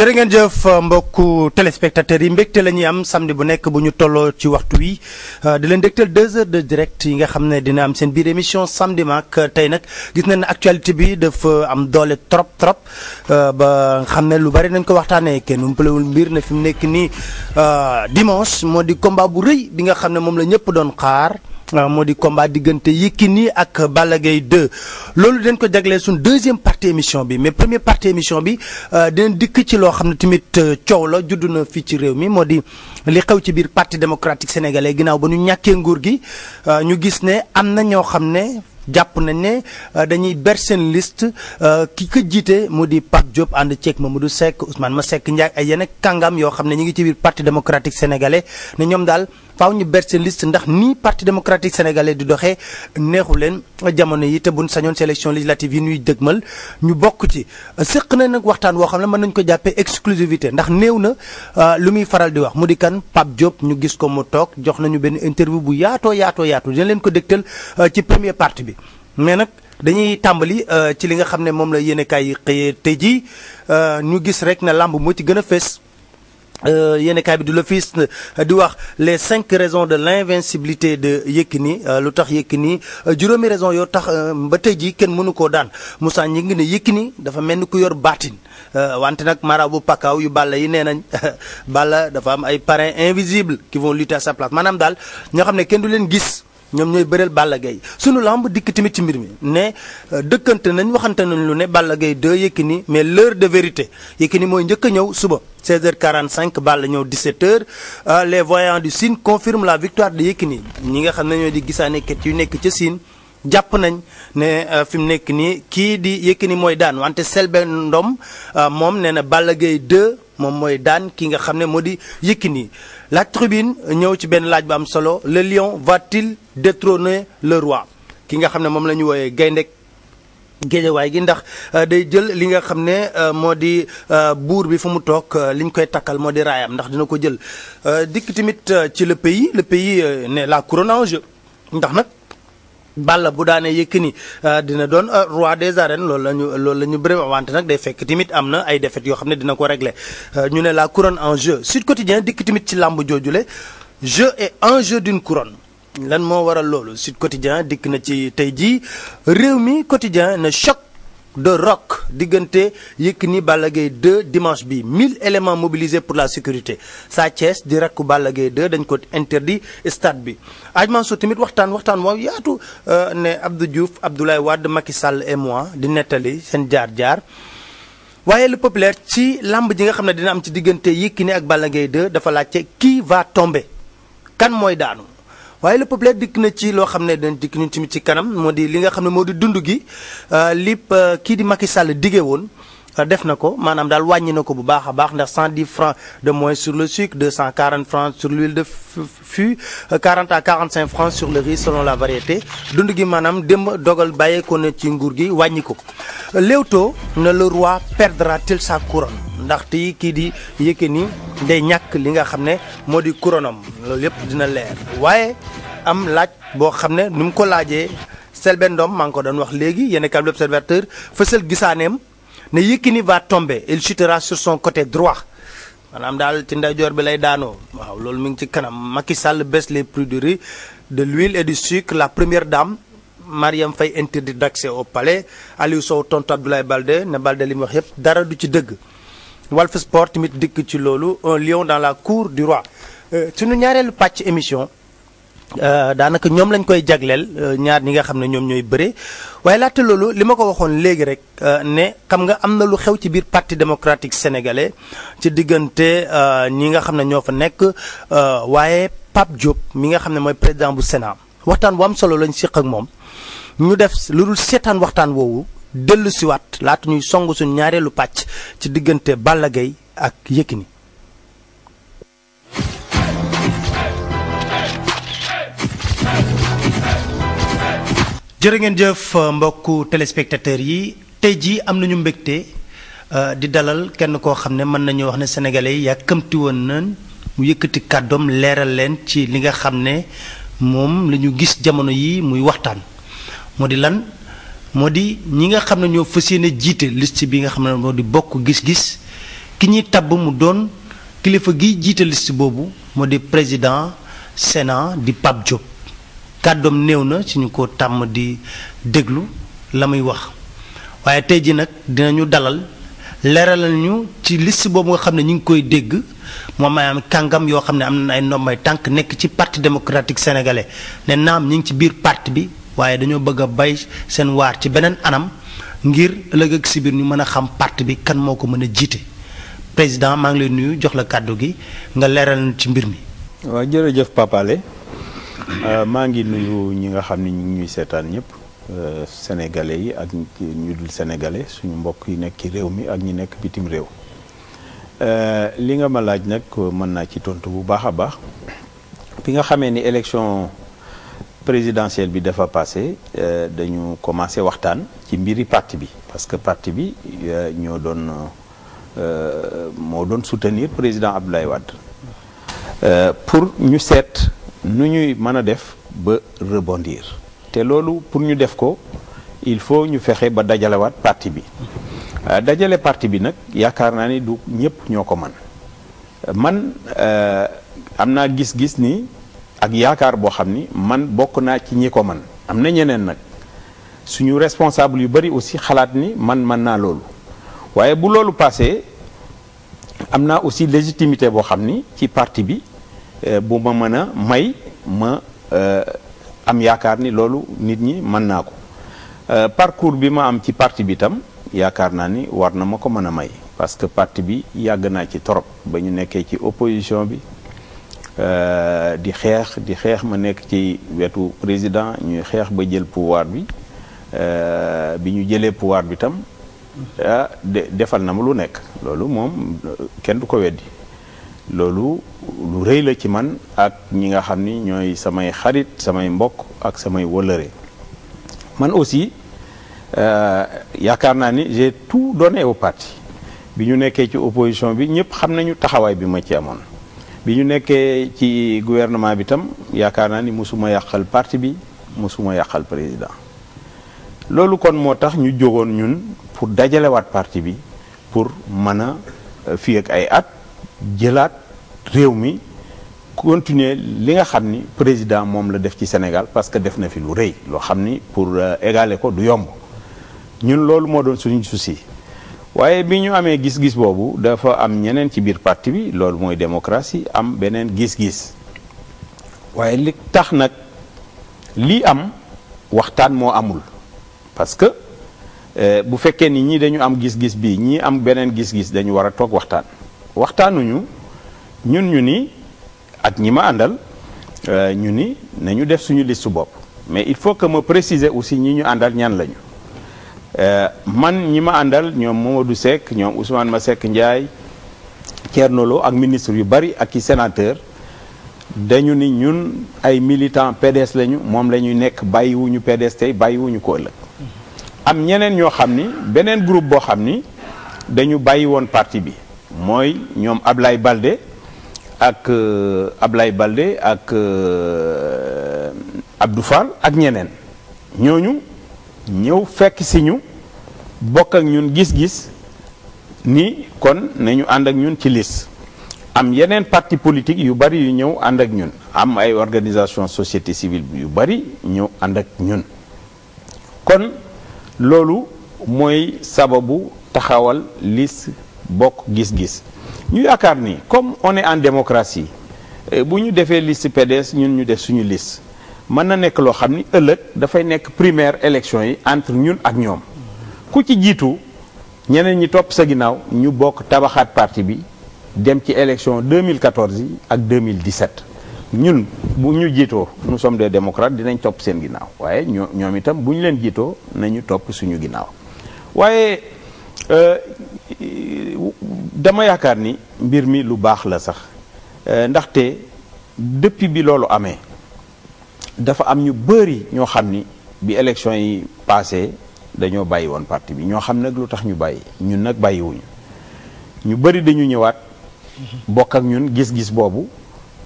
jërë ngeen jëf mbokku téléspectateurs yi mbégte la ñuy am samedi bu nekk bu ñu tolloo ci waxtu wi euh, di leen dégtal deux heures de direct yi nga xam ne dina am seen biir émission samedi maak euh, tey nag gis nañ ne actualité bi dafa am doole trop trop euh, ba xam ne lu bari nañ ko waxtaanee kenn umpalewul mbir na fi mu nekk nii dimanche moo di combat bu rëy bi nga xam ne moom la ñëpp doon xaar. Ah, moo di combat diggante nii ak Balla Gaye loolu dañ ko jagleel suñ deuxième partie émission bi mais première partie émission bi euh, dinañ dikk ci loo xam ne tamit euh, coow la judd na fii ci réew mi moo di li xew ci biir parti démocratique sénégale ginaaw ba ñu ñàkkee nguur gi euh, ñu gis ne am na ñoo xam ne jàpp nañ ne dañuy ber seen liste ki ko jiite mu di Pape Diop ànd ceeg Mamadou Seck Ousmane Masseck Ndiaye ay yeneen kàngam yoo xam ne ñu ngi ci biir parti démocratique sénégalais ne ñoom daal. faaw ñu ber seen ndax nii parti démocratique sénégalais di doxee neexu leen jamono yi te buñ sañoon sélection législative yi ñuy dëgmal ñu bokk ci sëq na nag waxtaan woo xam ne mën nañ ko jàppee exclusivité ndax néew na euh, lu muy faral di wax mu di kan Pape Diop ñu gis ko mu toog jox na ñu benn interview bu yaatoo yaatoo yaatu dina leen ko dégtal euh, ci premier parti bi mais nag dañuy tàmbali euh, ci li nga xam ne moom la yéenekaay yi xëyee tey jii ñu gis rek na làmb moo ci gën a fees Euh, yéen kaay bi du l'office di wax les cinq raisons de l'invincibilité de Yékini euh, lu tax Yékini euh, juróomi raison yoo tax ba tey jii kenn mënu koo daan Moussa ñi ngi ne Yékini dafa mel ni ku yor baatin wante nag mara bu pakaaw yu Balla yi nee nañ Balla dafa am ay parrains invisible qui vont lutter à sa place maanaam daal ñoo xam ne kenn du leen gis. ñoom ñooy bëreel Balla Gaye sunu lamb dikk tamit ci mbir mi ne euh, dëkkante nañ waxante nañ lu ne Balla Gaye 2 Yékini mais l'heure de vérité Yékini mooy njëkk a ñëw suba 16h45 Balla ñëw 17h euh, les voyants du Sine confirme la victoire de Yékini ñi nga xam ne ñoo di gisaanekat yu nekk ca Sine jàpp nañ ne euh, fi mu nekk nii kii di Yékini mooy daan wante Selbé Ndom moom nee na Balla Gaye 2 moom mooy daan ki nga xam ne moo di nii la tribune ñëw ci benn laaj bi am solo le lion va-t-il détrôner le roi ki nga xam ne moom la ñu wooyee gaynde géejawaay gi ndax euh, day jël li nga xam ne euh, moo di euh, buur bi fu mu toog li ñu koy takkal moo di raayam ndax dina ko jël dikk tamit ci le pays le pays ne la couronne en ndax nag Balla bu daanee ni euh, dina doon euh, roi des arènes loolu la ñu loolu la ñu bëri wante nag day fekk tamit am na ay défaites yoo xam ne dina ko régler euh, ñu ne la couronne en jeu Sud Quotidien dikk tamit ci làmb joojule jeu et enjeu d'une couronne lan moo waral loolu Sud Quotidien dikk na ci tey jii réew mi quotidien ne choc de rock diggante Yékini Balla Gaye de dimanche bi mille éléments mobilisés pour la sécurité Sa Thiès di rakku Balla Gaye 2 dañ ko interdit stade bi Hadj Mansour tamit waxtaan waxtaan waaw yaatu euh, ne Abdou Diouf Abdoulaye Wade Macky Sall et di nettali seen jaar-jaar waaye le populaire ci lamb ji nga xam ne dina am ci diggante Yékini ak Balla Gaye de dafa laajte qui va tomber kan mooy daanu waaye le peuple dikk na ci loo xam ne dañ dikk ñu tamit ci kanam moo di li nga xam ne moo di dund gi euh, lépp euh, kii di Macky Sall digee woon euh, def na ko maanaam daal wàññi na ko bu baax a baax ndax 110 francs de moins sur le sucre 240 francs sur l'huile de fût 40 à 45 francs sur le riz selon la variété dund gi maanaam démb dogal bàyyeekoo na ci nguur gi wàññi ko Leewtoo na le roi perdra-t-il sa couronne ndax ndaxte kii di ni day ñàkk li nga xam ne moo di couronam loolu yëpp dina leer waaye am laaj boo xam ne ni mu ko laajee Selbé Ndom maa ngi ko doon wax léegi yéen a l'observateur fësal gisaaneem ne Yékini va tomber il chutera sur son côté droit maanaam daal ci ndeyjoor bi lay daanoo waaw loolu mu ngi ci kanam Macky Sall baisse les prix du de l'huile et du sucre la première dame Mariam Faye interdit d'accès au palais Aliou Sow du lay Balde ne Balde li mu wax yëpp dara du ci dëgg Walf Sport tamit dikk ci loolu un lion dans la cour du roi euh, suñu ñaareelu pàcc émission euh, daanaka ñoom lañ koy jagleel euh, ñaar ñi nga xam ne ñoom ñooy bëre waaye laata loolu li ma ko waxoon léegi rek ne xam nga am na lu xew ci biir parti démocratique sénégalais ci diggante ñi nga xam ne ñoo fa nekk waaye Pape Diop mi nga xam ne mooy président bu Sénat waxtaan bu am solo lañ siq ak moom ñu def lu dul seetaan waxtaan woowu. dellu siwaat laata ñuy song suñ ñaareelu pàcc ci diggante Balla Gaye ak Yékini jërë ngeen jëf mbokku téléspectateurs yi tey jii am nañu mbégte euh, di dalal kenn koo xam ne mën nañu wax ne sénégalais yàkkamti woon nañ mu yëkkati kàddoom leeral leen ci li nga xam ne moom lañu gis jamono yi muy waxtaan moo di lan moo di ñi nga xam ne ñoo fas ne jiite list bi nga xam ne moo di bokk gis-gis ki ñuy tabb mu doon kilifa gi jiite liste boobu moo di président Sénat di Pape Diop kàddoom néew na ci ñu ko tàmm di déglu la muy wax waaye tey ji nag dina ñu dalal leeralal ñu ci liste boobu nga xam ne ñu ngi koy dégg moo ay am kàngam yoo xam ne am na ay ndombay tànk nekk ci parti démocratique sénégalais ne naam ñu ngi ci biir parti bi waaye dañoo bëgg a bay seen waar ci beneen anam ngir ëllëg ak si biir ñu mën a xam part bi kan moo ko mën a jiite président maa ngi leen nuyu jox la kàddu gi nga leeral ci mbir mi. waaw jërëjëf Papale euh, maa ngi nuyu ñi nga xam ni ñu ngi ñuy seetaan ñëpp. Euh, sénégalais yi ak ñu dul sénégalais suñu mbokk yi nekk ci réew mi ak ñu nekk bitim réew euh, li nga ma laaj nag mën naa ci tontu bu baax a baax bi nga xamee ni élection présidentielle bi dafa passé euh, dañu commencé waxtaan ci mbiri parti bi parce que parti bi euh, ñoo doon euh, moo doon soutenir président Abdoulaye Wade pour ñu seet nu ñuy mën a def ba rebondir te loolu pour ñu def ko il faut ñu fexe ba dajalewaat parti bi dajale parti bi nag yaakaar naa ni du ñëpp ñoo ko man man am naa gis-gis ni ak yaakaar boo xam ni man bokk naa ci ñi ko man am na ñeneen nag suñu responsable yu bari aussi xalaat ni man mën naa loolu waaye bu loolu passé am naa aussi légitimité boo xam ni ci parti bi euh, bu ma mën a may ma euh, am yaakaar ni loolu nit ñi mën naa ko euh, parcours bi ma am ci parti bi tam yaakaar naa ni war na ma ko mën a may parce que partie bi yàgg naa ci torop ba ñu nekkee ci opposition bi Euh, di xeex di xeex ma nekk ci wetu président ñuy xeex ba jël pouvoir bi euh, bi ñu jëlee pouvoir bi tam ah defal na ma lu nekk loolu moom kenn du ko weddi loolu lu rëy la ci man ak ñi nga xam ni ñooy samay xarit samay mbokk ak samay wëlëre man aussi euh, yaakaar naa ni j'ai tout donné au parti bi ñu nekkee ci opposition bi ñëpp xam nañu taxawaay bi ma ci amoon li ñu nekkee ci gouvernement bi tam yaakaar naa ni mosuma yàqal parti bi mosuma yàqal président loolu kon moo tax ñu jógoon ñun pour dajalewaat parti bi pour mën a euh, fii ak ay at jëlaat réew mi continuer li nga xam ni président moom la def ci Sénégal parce que def na fi lu rëy loo xam ni pour euh, égaler ko du yomb ñun loolu moo doon suñu souci waaye bi ñu amee gis-gis boobu dafa am ñeneen ci biir parti bi loolu mooy démocratie am beneen gis-gis waaye li tax nag lii am waxtaan moo amul parce que eh, bu fekkee ni ñii dañu am gis-gis bi ñii am beneen gis-gis dañu war a toog waxtaan waxtaanuñu ñun ñu ni ak ñi ma àndal eh, ñu ni nañu def suñu liste bopp mais il faut que ma préciser aussi ñi ñu àndal ñan lañu Eh, man ñi ma àndal ñoom Mamadou Seck ñoom Ousmane Masseck Ndiaye Thierno Lo ak ministre yu bari ak i sénateur dañu ni ñun ay militant PDS lañu moom la ñuy nekk bàyyiwuñu pedes tey bàyyiwuñu ko ëllëg am ñeneen ñoo xam ni beneen groupe boo xam ni dañu bàyyi woon parti bi mooy ñoom Ablaye Balde ak euh, Ablaye Balde ak euh, Abdou Fall ak ñeneen ñooñu ñëw fekk si bokk ak ñun gis-gis ni kon nañu ànd ak ñun ci lis am yeneen parti politique yu bari yu ñëw ànd ak ñun am ay organisation société civile yu bari ñëw ànd ak ñun kon loolu mooy sababu taxawal lis bokk gis-gis ñu yaakaar ni comme on est en démocratie eh, bu ñu defee liste PDS ñun ñu def suñu lis mën na nekk loo xam ni ëllëg dafay nekk primaire élection yi entre ñun ak ñoom ku ci jiitu ñeneen ñi topp sa ginnaaw ñu bokk tabaxaat parti bi dem ci élection 2014 yi ak 2017 ñun bu ñu jiitoo nu sommes des démocrates dinañ topp seen ginnaaw waaye ñoo ñoom itam bu ñu leen jiitoo nañu topp suñu ginnaaw waaye euh, dama yaakaar ni mbir mi lu baax la sax euh, ndaxte depuis bi loolu amee dafa am ñu bëri ñoo xam ni bi élection yi passé dañoo bàyyi woon partie bi ñoo xam nag lu tax ñu bàyyi ñun nag bàyyiwuñu ñu bëri dañu ñëwaat bokk ak ñun gis-gis boobu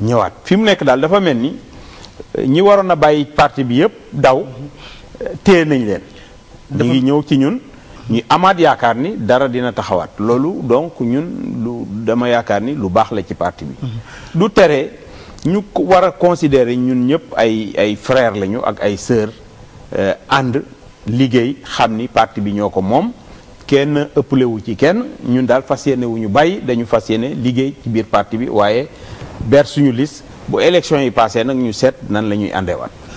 ñëwaat fi mu nekk daal dafa mel ni eh, ñi waroon a bàyyi partie bi yëpp daw eh, téye nañ leen. ñu ngi ñëw ci ñun. ñu amaat yaakaar ni dara dina taxawaat loolu donc ñun lu dama yaakaar ni lu baax la ci partie bi. Mm-hmm. du tere. ñu war a considérer ñun ñëpp ay ay frères lañu ak ay sœurs euh, ànd liggéey xam ni parti bi ñoo ko moom kenn ëppalewu ci kenn ñun daal fas yéene wu ñu bàyyi dañu fas yéene liggéey ci biir parti bi waaye ber suñu lis bu élection yi passé nag ñu seet nan la ñuy àndewaat